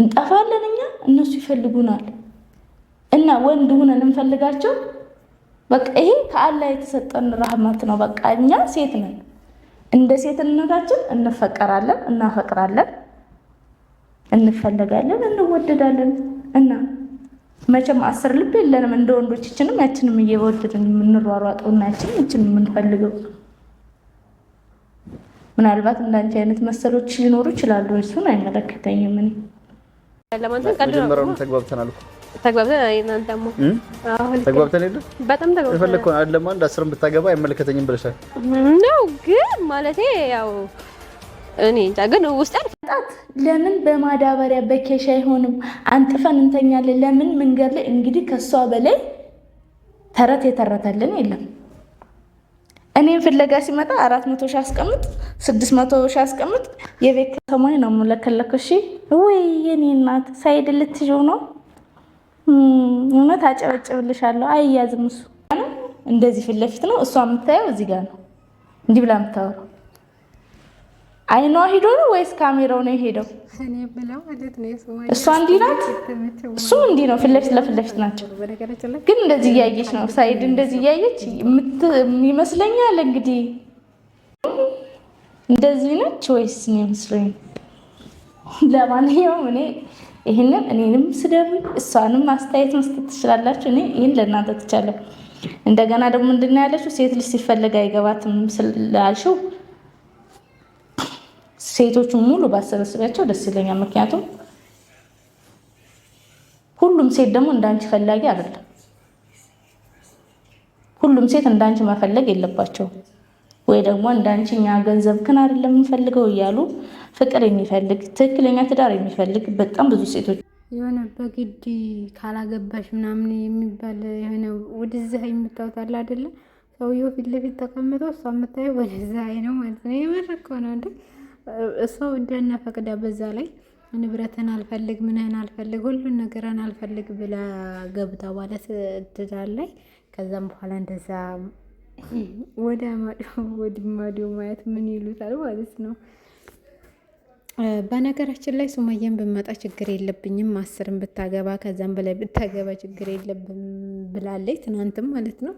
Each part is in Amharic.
እንጠፋለን እኛ፣ እነሱ ይፈልጉናል። እና ወንድ ሁነን እንፈልጋቸው። በቃ ይሄ ከአላህ የተሰጠን ራህመት ነው። በቃ እኛ ሴት ነን፣ እንደ ሴትነታችን እንፈቀራለን፣ እናፈቅራለን፣ እንፈለጋለን፣ እንወደዳለን። እና መቼም አስር ልብ የለንም እንደ ወንዶች። ይችንም ያችንም እየወደድን የምንሯሯጠው እና ያችንም ይችን የምንፈልገው ምናልባት እንዳንቺ አይነት መሰሎች ሊኖሩ ይችላሉ። እሱን አይመለከተኝም እኔ ለማንተን ተግባብተናል ተግባብተን የለ በጣም ተግባብተን አንድ አስርም ብታገባ አይመለከተኝም ብለሻል ነው ግን ያው እኔ እንጃ ግን ውስጥ ጣት ለምን በማዳበሪያ አይሆንም? አንጥፈን እንተኛለን። ለምን መንገድ ላይ እንግዲህ በላይ ተረት የተረተልን የለም። እኔም ፍለጋ ሲመጣ አራት መቶ ሺህ አስቀምጥ ስድስት መቶ ሺህ አስቀምጥ የቤት ሰሞኑን ነው የምለከለከው። እሺ ወይ የኔ እናት ሳይድ ልትዥው ነው እውነት አጨበጭብልሻለሁ። አይያዝም እሱ እንደዚህ ፊት ለፊት ነው እሷ የምታየው እዚህ ጋር ነው እንዲህ ብላ የምታወራው አይኗ ሂዶ ነው ወይስ ካሜራው ነው የሄደው? እሷ እንዲህ ናት፣ እሱ እንዲህ ነው። ፊትለፊት ለፊት ለፊት ናቸው፣ ግን እንደዚህ እያየች ነው። ሳይድ እንደዚህ እያየች ይመስለኛል። እንግዲህ እንደዚህ ነች ወይስ እኔ መስሎኝ። ለማንኛውም እኔ ይህንን እኔንም ስደብ እሷንም አስተያየት መስጠት ትችላላችሁ። እኔ ይህን ለእናንተ ትቻለሁ። እንደገና ደግሞ ምንድን ነው ያለችው? ሴት ልጅ ሲፈለግ አይገባትም ስላልሽው ሴቶቹን ሙሉ ባሰበስቢያቸው ደስ ይለኛል። ምክንያቱም ሁሉም ሴት ደግሞ እንዳንቺ ፈላጊ አይደለም። ሁሉም ሴት እንዳንቺ መፈለግ የለባቸው ወይ ደግሞ እንዳንቺ እኛ ገንዘብ ክን አይደለም የምንፈልገው እያሉ ፍቅር የሚፈልግ ትክክለኛ ትዳር የሚፈልግ በጣም ብዙ ሴቶች የሆነ በግድ ካላገባሽ ምናምን የሚባል የሆነ ወደዚህ የምታዩት አለ አይደለ? ሰውየው ፊት ለፊት ተቀምጠው እሷ የምታየው ወደዛ ነው ማለት ነው። የመረቀው ነው እንዴ! ሰው እንደነ ፈቅዳ በዛ ላይ ንብረትን አልፈልግ ምንህን አልፈልግ ሁሉን ነገርን አልፈልግ ብላ ገብታ ማለት ትዳር ላይ ከዛም በኋላ እንደዛ ወደ አማዶ ማየት ምን ይሉታል ማለት ነው። በነገራችን ላይ ሱመየን ብመጣ ችግር የለብኝም አስርም ብታገባ ከዛም በላይ ብታገባ ችግር የለብም ብላለች ትናንትም ማለት ነው።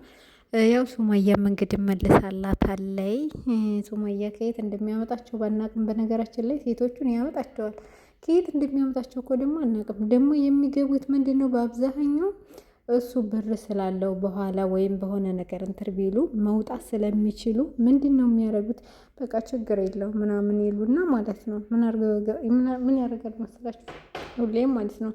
ያው ሱማያም እንግዲህ መልሳላታለይ። ሱማያ ከየት እንደሚያመጣቸው ባናቅም፣ በነገራችን ላይ ሴቶቹን ያመጣቸዋል። ከየት እንደሚያመጣቸው እኮ ደግሞ አናቅም። ደግሞ የሚገቡት ምንድን ነው? በአብዛኛው እሱ ብር ስላለው በኋላ ወይም በሆነ ነገር እንትን ቢሉ መውጣት ስለሚችሉ ምንድን ነው የሚያደርጉት? በቃ ችግር የለው ምናምን ይሉና ማለት ነው። ምን ያደርጋል መሰላችሁ? ሁሌም ማለት ነው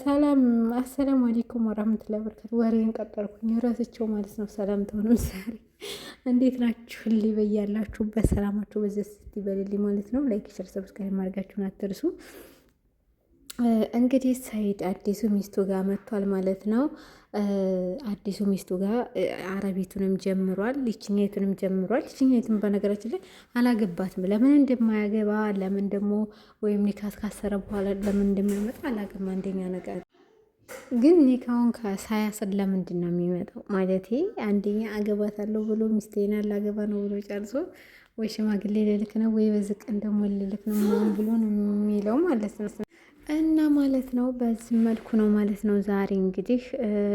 ሰላም አሰላሙ አሌይኩም ወራህመቱላሂ ወበረካቱ። ወሬን ቀጠልኩኝ ረስቸው ማለት ነው። ሰላም ተሆንም ዛሬ እንዴት ናችሁ? ሊበያላችሁ በሰላማችሁ በዚህ ስትይ ማለት ነው። ላይክ ሸር፣ ሰብስክራይብ ማድረጋችሁን አትርሱ። እንግዲህ ሰይድ አዲሱ ሚስቱ ጋር መጥቷል ማለት ነው። አዲሱ ሚስቱ ጋር አረቢቱንም ጀምሯል፣ ይችኛይቱንም ጀምሯል። ይችኛይቱን በነገራችን ላይ አላገባትም። ለምን እንደማያገባ ለምን ደግሞ ወይም ኒካት ካሰረ በኋላ ለምን እንደሚያመጣ አላገባ። አንደኛ ነገር ግን ኒካውን ሳያስር ለምንድን ነው የሚመጣው? ማለት አንደኛ አገባታለሁ ብሎ ሚስቴና ላገባ ነው ብሎ ጨርሶ ወይ ሽማግሌ ልልክ ነው ወይ በዝቅ እንደሞ ልልክ ነው ብሎ ነው የሚለው ማለት ነው። እና ማለት ነው በዚህ መልኩ ነው ማለት ነው። ዛሬ እንግዲህ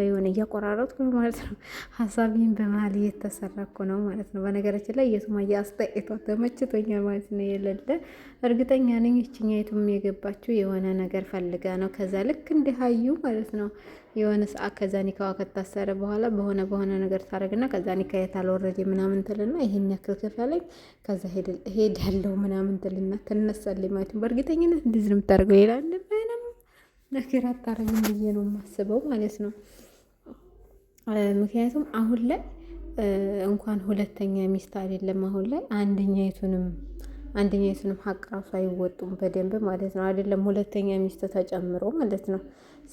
የሆነ እያቆራረጥኩ ነው ማለት ነው። ሀሳቢን በመሀል እየተሰራኩ ነው ማለት ነው። በነገራችን ላይ የሱማያ አስተያየቷ ተመችቶኛል ማለት ነው። የለለ እርግጠኛ ነኝ የቱም የገባችው የሆነ ነገር ፈልጋ ነው። ከዛ ልክ እንዲሀዩ ማለት ነው የሆነ ሰዓት ከዛ ኒካዋ ከታሰረ በኋላ በሆነ በሆነ ነገር ታደርግና ከዛ ኒካ የት አልወረደ ምናምን ትልና ይሄን ያክል ከፈለኝ ከዛ ሄድ ያለው ምናምን ትልና ትነሳል ማለት ነው። በእርግጠኝነት እንደዚህ ነው የምታደርገው ይላል ነገር አታረግም ብዬ ነው የማስበው ማለት ነው። ምክንያቱም አሁን ላይ እንኳን ሁለተኛ ሚስት አይደለም አሁን ላይ አንደኛይቱንም አንደኛይቱንም ሀቅ ራሱ አይወጡም በደንብ ማለት ነው። አይደለም ሁለተኛ ሚስት ተጨምሮ ማለት ነው።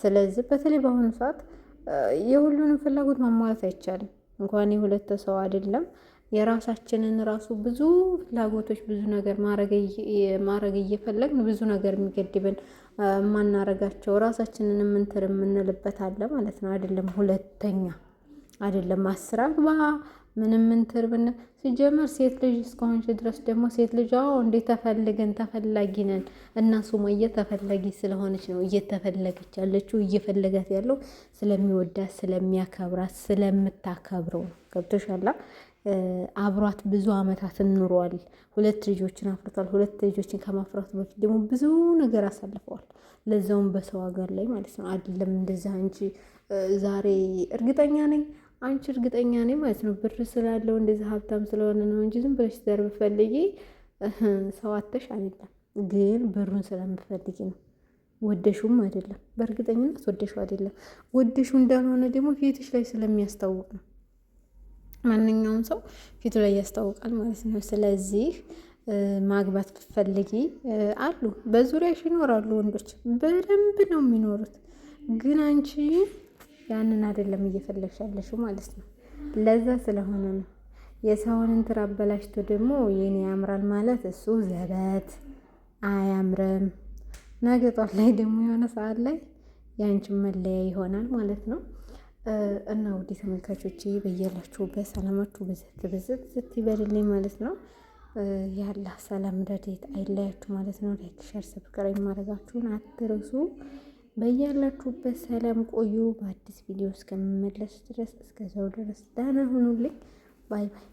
ስለዚህ በተለይ በአሁኑ ሰዓት የሁሉንም ፍላጎት ማሟላት አይቻልም። እንኳን የሁለት ሰው አይደለም የራሳችንን ራሱ ብዙ ፍላጎቶች ብዙ ነገር ማድረግ እየፈለግን ብዙ ነገር የሚገድብን የማናረጋቸው ራሳችንን የምንትር የምንልበት አለ ማለት ነው። አይደለም ሁለተኛ አይደለም አስር አግባ ምንም ምንትር ብን ሲጀመር ሴት ልጅ እስከሆንሽ ድረስ ደግሞ ሴት ልጅ አዎ እንዴ ተፈልገን ተፈላጊ ነን እና ሱመያ ተፈላጊ ስለሆነች ነው እየተፈለገች ያለችው። እየፈለጋት ያለው ስለሚወዳት ስለሚያከብራት ስለምታከብረው ነው። ገብቶሻላ አብሯት ብዙ አመታትን ኑሯል። ሁለት ልጆችን አፍርቷል። ሁለት ልጆችን ከማፍራቱ በፊት ደግሞ ብዙ ነገር አሳልፈዋል። ለዛውም በሰው ሀገር ላይ ማለት ነው። አይደለም እንደዛ አንቺ ዛሬ እርግጠኛ ነኝ አንቺ እርግጠኛ ነኝ ማለት ነው ብር ስላለው እንደዚ ሀብታም ስለሆነ ነው እንጂ ዝም ብለሽ ዘር ብፈልጊ ሰው አተሽ አይደለም። ግን ብሩን ስለምፈልጊ ነው። ወደሹም አይደለም፣ በእርግጠኝነት ወደሹ አይደለም። ወደሹ እንዳልሆነ ደግሞ ፊትሽ ላይ ስለሚያስታውቅ ነው። ማንኛውም ሰው ፊቱ ላይ ያስታውቃል ማለት ነው። ስለዚህ ማግባት ብትፈልጊ አሉ በዙሪያሽ ይኖራሉ ወንዶች በደንብ ነው የሚኖሩት። ግን አንቺ ያንን አይደለም እየፈለግሽ ያለሽው ማለት ነው። ለዛ ስለሆነ ነው የሰውን እንትን አበላሽቶ ደግሞ የኔ ያምራል ማለት እሱ ዘበት አያምርም። ነገ ጧት ላይ ደግሞ የሆነ ሰዓት ላይ ያንቺን መለያ ይሆናል ማለት ነው። እና ውድ ተመልካቾች በያላችሁበት በሰላማችሁ ብዝት ብዝት ይበልልኝ ማለት ነው። ያላህ ሰላም ረዴት አይለያችሁ ማለት ነው። ላይክ፣ ሸር፣ ሰብስክራይብ ማድረጋችሁን አትርሱ። በያላችሁበት ሰላም ቆዩ። በአዲስ ቪዲዮ እስከምመለስ ድረስ እስከዛው ድረስ ደህና ሁኑልኝ። ባይ ባይ።